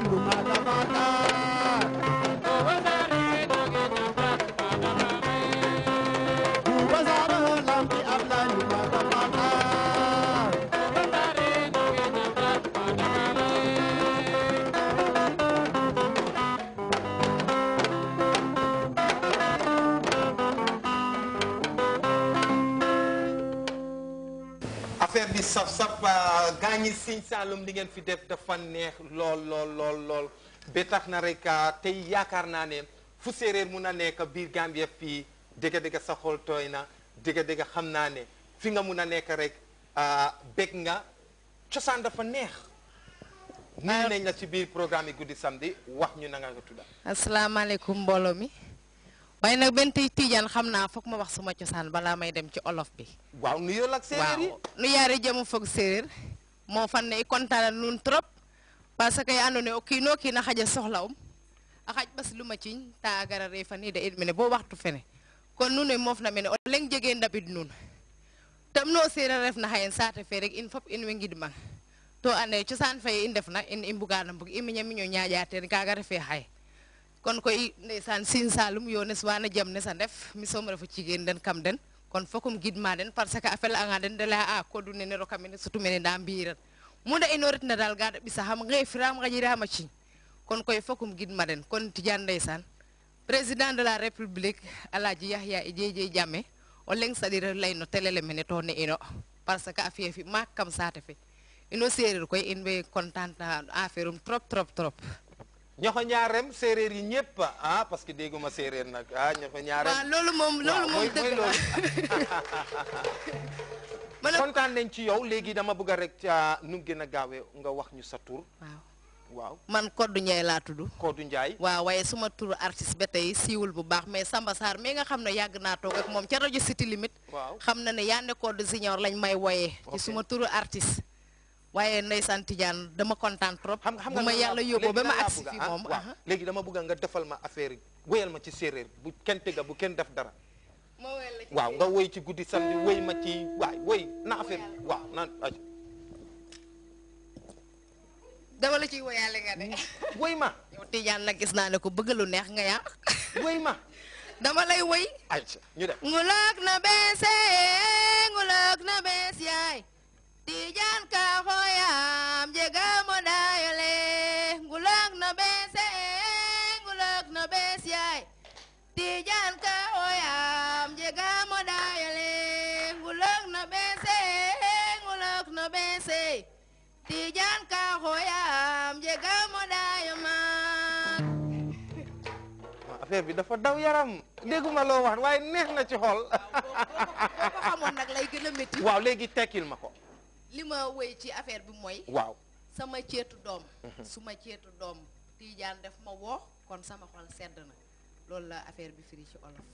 time ceeb bi saf saf euh, gaa ñi Sine Saalum li ngeen fi def dafa neex lool lool lool lool ba tax na rek euh, tey yaakaar naa ne fu séeréer mun a nekk biir Gambie fii dëgg dëgg sa xol tooy na dëgg dëgg ne fi nga mun a nekk rek euh, bég nga cosaan dafa neex. nuyu nañ la ci biir programme yi guddi samedi wax ñu na nga ko tudda asalaamaaleykum mbooloo mi. waaye nag benn tey tiijaan xam naa foog ma wax suma cosaan balaa may dem ci olof bi. waaw nuyoo la ak séeréer yi waaw foog séeréer moo fan ne i kontaan nun trop parce que yaa andoona yee o kiin kiin a xaja soxla um a xaj bas luma ciiñ ta a gara ree fan i da it mene boo waxtu fene kon nun we moof na mene o leng jegee ndabid nun tam no séeréer ref na xayen saate fee rek in fop in we ngid mang to ande cosaan faye i ndef na in i mbugaan a mbug i miña miño ñaaƴaa teen kaaga refee xaye kon koy ndeysan sin salum yo ne suwana jam ne sandef mi somra fo cigen den kam den kon fokum gidma den parce que afel anga den de la a ko du ne ro kamene sutu mene da mbiran munda inorit na dal gada bisa ham ngefiram ngajira hama cin kon koy fokum gidma den kon tijan ndeysan président de la république alaji yahya ejeje jame o leng sadira lay no telele mene to ne ino parce que afiya fi makam sate fe ino serir koy in be contente affaire um trop trop trop ñoxo ñaarem séeréer yi ñëpp ah parce que déguma séeréer nag ah ñoxo ñaarem waaw loolu moom loolu moom dëgg la kontaan nañ ci yow léegi dama bëgg rek nu gën a gaawee nga wax ñu sa tur waaw man Kodou Ndiaye laa tudd Kodou Ndiaye waaw waaye suma tur artiste ba tey siiwul bu baax mais Samba Sarr mais nga xam ne yàgg naa toog ak moom ca rajo City Limit waaw xam na ne yaa ne Kodou Junior lañ may woyee ci suma turu artiste waaye ndeysaan Tijaan dama kontaan trop. buma yalla yobbo bama aksi ma fi mom legui dama bëgg nga defal ma affaire wéyal ma ci séeréer bu tega bu kenn def dara. waaw nga woy ci goudi samedi woy ma ci waay woy na affaire waaw naan. dama la ci woyaale nga de. woy ma. yow Tijaan nag gis na ne ko bëgg lu neex nga ya woy ma. dama lay woy. ayca ñu ngulak na bees eh, ngulak na bees yaay. siai tijan ka oyam jega moda yale ngulok no bese ngulok no bese tijan ka oyam jega moda yama affaire bi dafa daw yaram dégguma loo wax waaye neex na ci xol boo xamoon nag lay gën a métti waaw léegi tekkil ma ko li ma wéy ci affaire bi mooy waaw sama ceetu doom su ma Dom, mhm. doom tiijaan def ma woo kon sama xol sedd na loolu la affaire bi firi ci olof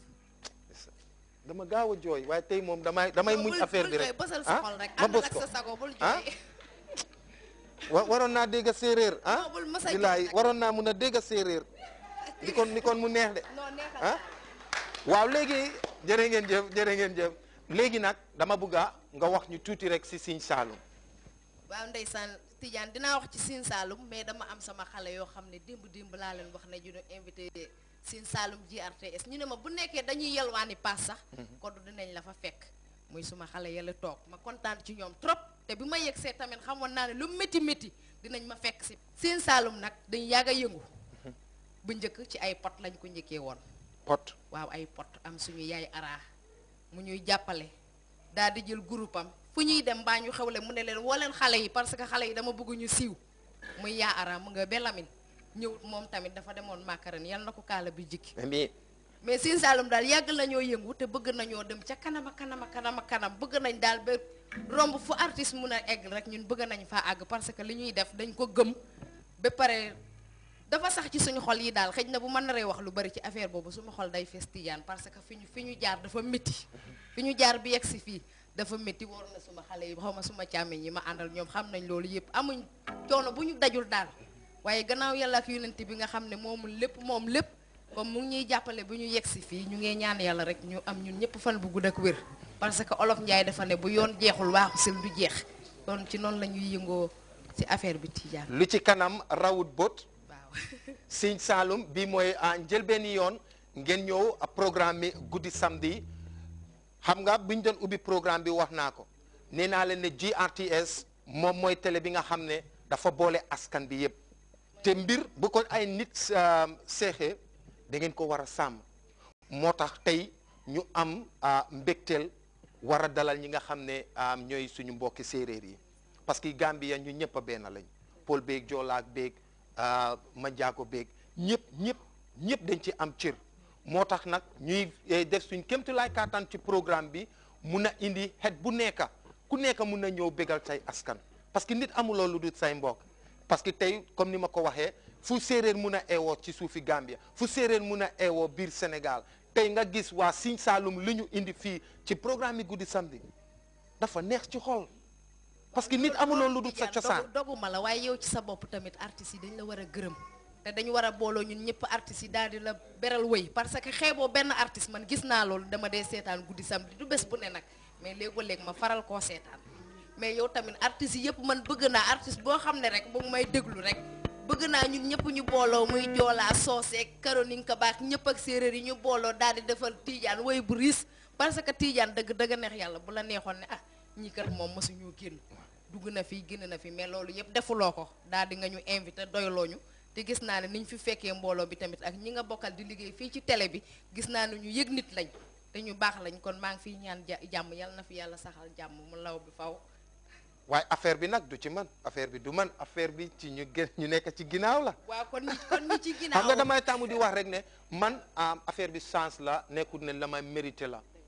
dama gaaw a jooy waaye tey moom damay damay muñ affaire bi ah? rek ma bës ko ah wa waroon naa dégg séeréer ah bilaay waroon naa mun a dégg séeréer di kon ni kon mu neex de ah waaw léegi jërë ngeen jëf jërë ngeen jëf léegi nag dama bëgga nga wax ñu tuuti rek si Sine Saloum waaw ndeysaan Tidiane dinaa wax ci Sine Saalum mais dama am sama xale yoo xam ne démb démb laa leen wax ne ñu ne invité Sine Saalum GRTS ñu ne ma bu nekkee dañuy yelwaani paas sax mhm. kon dinañ la fa fekk muy suma xale yële toog ma kontaan ci ñoom trop te bi ma yegsee tamit xamoon naa ne lu métti métti dinañ ma fekk si Sine Saalum nag dañ yàgg a yëngu mhm. bu njëkk ci ay pot lañ ko njëkkee woon pot waaw ay pot am suñu yaay araa mu ñuy jàppale daal di jël groupe fu ñuy dem mbaa ñu xewle mu ne leen woo leen xale yi parce que xale yi dama bëgguñu ñu siiw muy yaa ara mu nga belamin ñëw moom tamit dafa demoon macaroni yal na ko kaala bi jikki mais Sine Saalum daal yàgg nañoo yëngu te bëgg nañoo dem ca kanama kanama kanama kanam bëgg nañ daal ba romb fu artiste mun a egg rek ñun bëgg nañu faa àgg parce que li ñuy def dañ ko gëm ba pare dafa sax ci suñu xol yi daal xëj na bu mën naree wax lu bari ci affaire boobu suma xol day fees Tidiane parce que fi ñu fi ñu jaar dafa métti fi ñu jaar bi yegg si fii dafa métti wóor na suma xale yi xaw ma suma càmmiñ yi ma àndal ñoom xam nañ loolu yëpp amuñ coono bu ñu dajul daal waaye gannaaw yàlla ak yonent bi nga xam ne moomu lépp moom lépp comme mu ngi ñuy jàppale bu ñu yegg si fii ñu ngee ñaan yàlla rek ñu am ñun ñëpp fan bu gudd ak wér parce que olof Njaay dafa ne bu yoon jeexul waaxu sil du jeex kon ci noonu la ñuy yëngoo ci affaire bi Tidiane lu ci kanam rawut bot siñ Saalum bi mooy ah, njëlbeeni yoon ngeen ñëw ah, programme bi guddi samedi xam nga buñ doon ubbi programme bi wax naa ko nee naa leen ne GRTS moom mooy télé bi nga xam ne dafa boole askan bi yëpp te mbir bu ko ay nit ah, seexee dangeen ko war a sàmm moo tax tey ñu am mbégteel war a dalal ñi nga xam ne ñooy suñu mbokki séeréer yi parce que Gambia ñu ñëpp benn lañ Pël beeg Joolaak beeg Euh, ma jaago beeg ñëpp ñëpp ñëpp dañ ci am cër moo tax nag ñuy eh, def suñ kémtulaay kàttan ci programme bi mun a indi xet bu nekk ku nekk mun na ñëw bégal say askan parce que nit amuloo lu dul say mbokk parce que tey comme ni ma ko waxee fu séeréer mun a eewoo ci suufi Gambia fu séeréer mun a eewoo biir Sénégal tey nga gis waa Sine Saalum li ñu indi fii ci programme yi guddi samedi dafa neex ci xol parce que nit amuloo lu dul sa cosaan doguma la waaye yow ci sa bopp tamit artistes yi dañ la war a gërëm te dañu war a booloo ñun ñëpp artistes yi daal di la beral wëy parce que xeeboo benn artiste man gis naa loolu dama dee seetaan guddi samedi du bés bu ne nag mais léegoo léeg ma faral koo seetaan mais yow tamit artistes yi yëpp man bëgg naa artiste boo xam ne rek mu ngi may déglu rek bëgg naa ñun ñëpp ñu booloo muy joolaa soosee karoninka baax ñëpp ak séeréer yi ñu booloo di defal tiijaan wëy bu riis parce que tiijaan dëgg dëgg neex yàlla bu la neexoon ne ah ñi kër mësu ñu génn dugg na fi génn na fi mais loolu yëpp defuloo ko daal di nga ñu invité doyloo ñu te gis naa ne niñ fi fekkee mbooloo bi tamit ak ñi nga bokkal di liggéey fii ci télé bi gis naa ne ñu yëg nit lañ te ñu baax lañ kon maa ngi fiy ñaan jàmm yàlla na fi yàlla saxal jàmm mu law bi faw waaye affaire bi nag du ci man affaire bi du man affaire bi ci ñu gën ñu nekk ci ginnaaw la. waaw kon kon ñu ci ginnaaw xam nga damay tàmm wax rek ne man affaire bi chance la nekkul ne la may la.